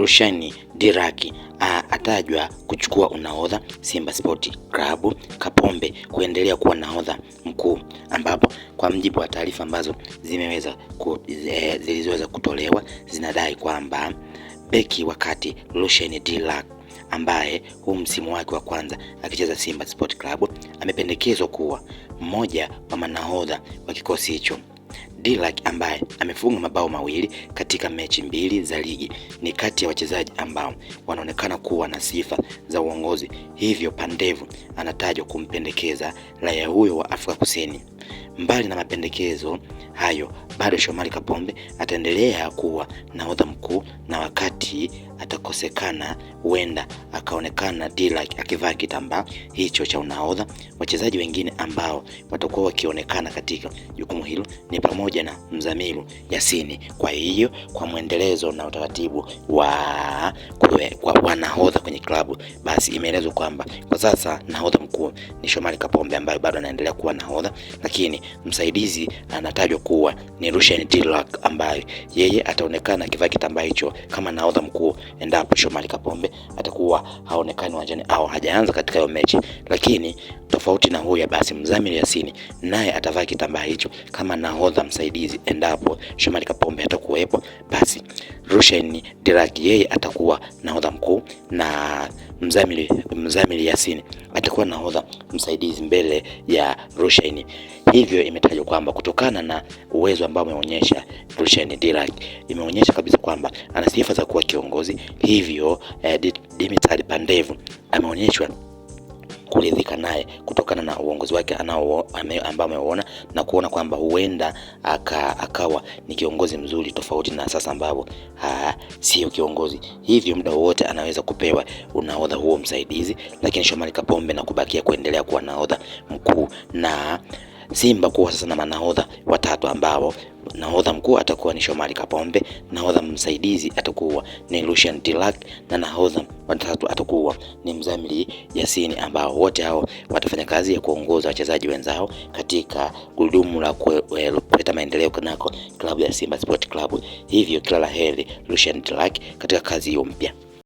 Rushine Diraki atajwa kuchukua unahodha Simba Sport Club, Kapombe kuendelea kuwa nahodha mkuu, ambapo kwa mjibu wa taarifa ambazo zimeweza zilizoweza kutolewa zinadai kwamba beki wakati Rushine Diraki ambaye huu msimu wake wa kwanza akicheza Simba Sport Club amependekezwa kuwa mmoja wa manahodha wa kikosi hicho dilak ambaye amefunga mabao mawili katika mechi mbili za ligi ni kati ya wachezaji ambao wanaonekana kuwa na sifa za uongozi, hivyo Pandevu anatajwa kumpendekeza raia huyo wa Afrika Kusini. Mbali na mapendekezo hayo bado Shomari Kapombe ataendelea kuwa nahodha mkuu, na wakati atakosekana, huenda akaonekana Dillard akivaa kitambaa hicho cha unahodha. Wachezaji wengine ambao watakuwa wakionekana katika jukumu hilo ni pamoja na Mzamiru Yasini. Kwa hiyo kwa mwendelezo na utaratibu wa kwa wanahodha kwenye klabu, basi imeelezwa kwamba kwa sasa nahodha mkuu ni Shomari Kapombe ambaye bado anaendelea kuwa nahodha, lakini msaidizi anatajwa kuwa ni ni Lucien Dirac ambaye yeye ataonekana akivaa kitambaa hicho kama nahodha mkuu endapo Shomari Kapombe atakuwa haonekani uwanjani au hajaanza katika hiyo mechi, lakini Tofauti na huyo, basi Mzamil Yasini naye atavaa kitambaa hicho kama nahodha msaidizi, endapo Shomari Kapombe atakuwepo, basi Rushen Diraki yeye atakuwa nahodha mkuu na Mzamil Mzamil Yasini atakuwa nahodha msaidizi mbele ya Rushen. Hivyo imetajwa kwamba kutokana na uwezo ambao ameonyesha Rushen Diraki, imeonyesha kabisa kwamba ana sifa za kuwa kiongozi. Hivyo eh, Dimitar Pandevu ameonyeshwa kuridhika naye kutokana na uongozi wake ambao ameuona na kuona kwamba huenda aka, akawa ni kiongozi mzuri tofauti na sasa ambapo siyo kiongozi. Hivyo muda wowote anaweza kupewa unaodha huo msaidizi, lakini Shomari Kapombe na kubakia kuendelea kuwa naodha mkuu na Simba kuwa sasa na manahodha watatu ambao Nahodha mkuu atakuwa ni Shomari Kapombe, nahodha msaidizi atakuwa ni Lucian Tilak na nahodha watatu atakuwa ni Mzamili Yasini, ambao wote hao watafanya kazi ya kuongoza wachezaji wenzao katika gurudumu la eh, kuleta maendeleo kunako klabu ya Simba Sport Club. Hivyo kila la heri Lucian Tilak katika kazi hiyo mpya.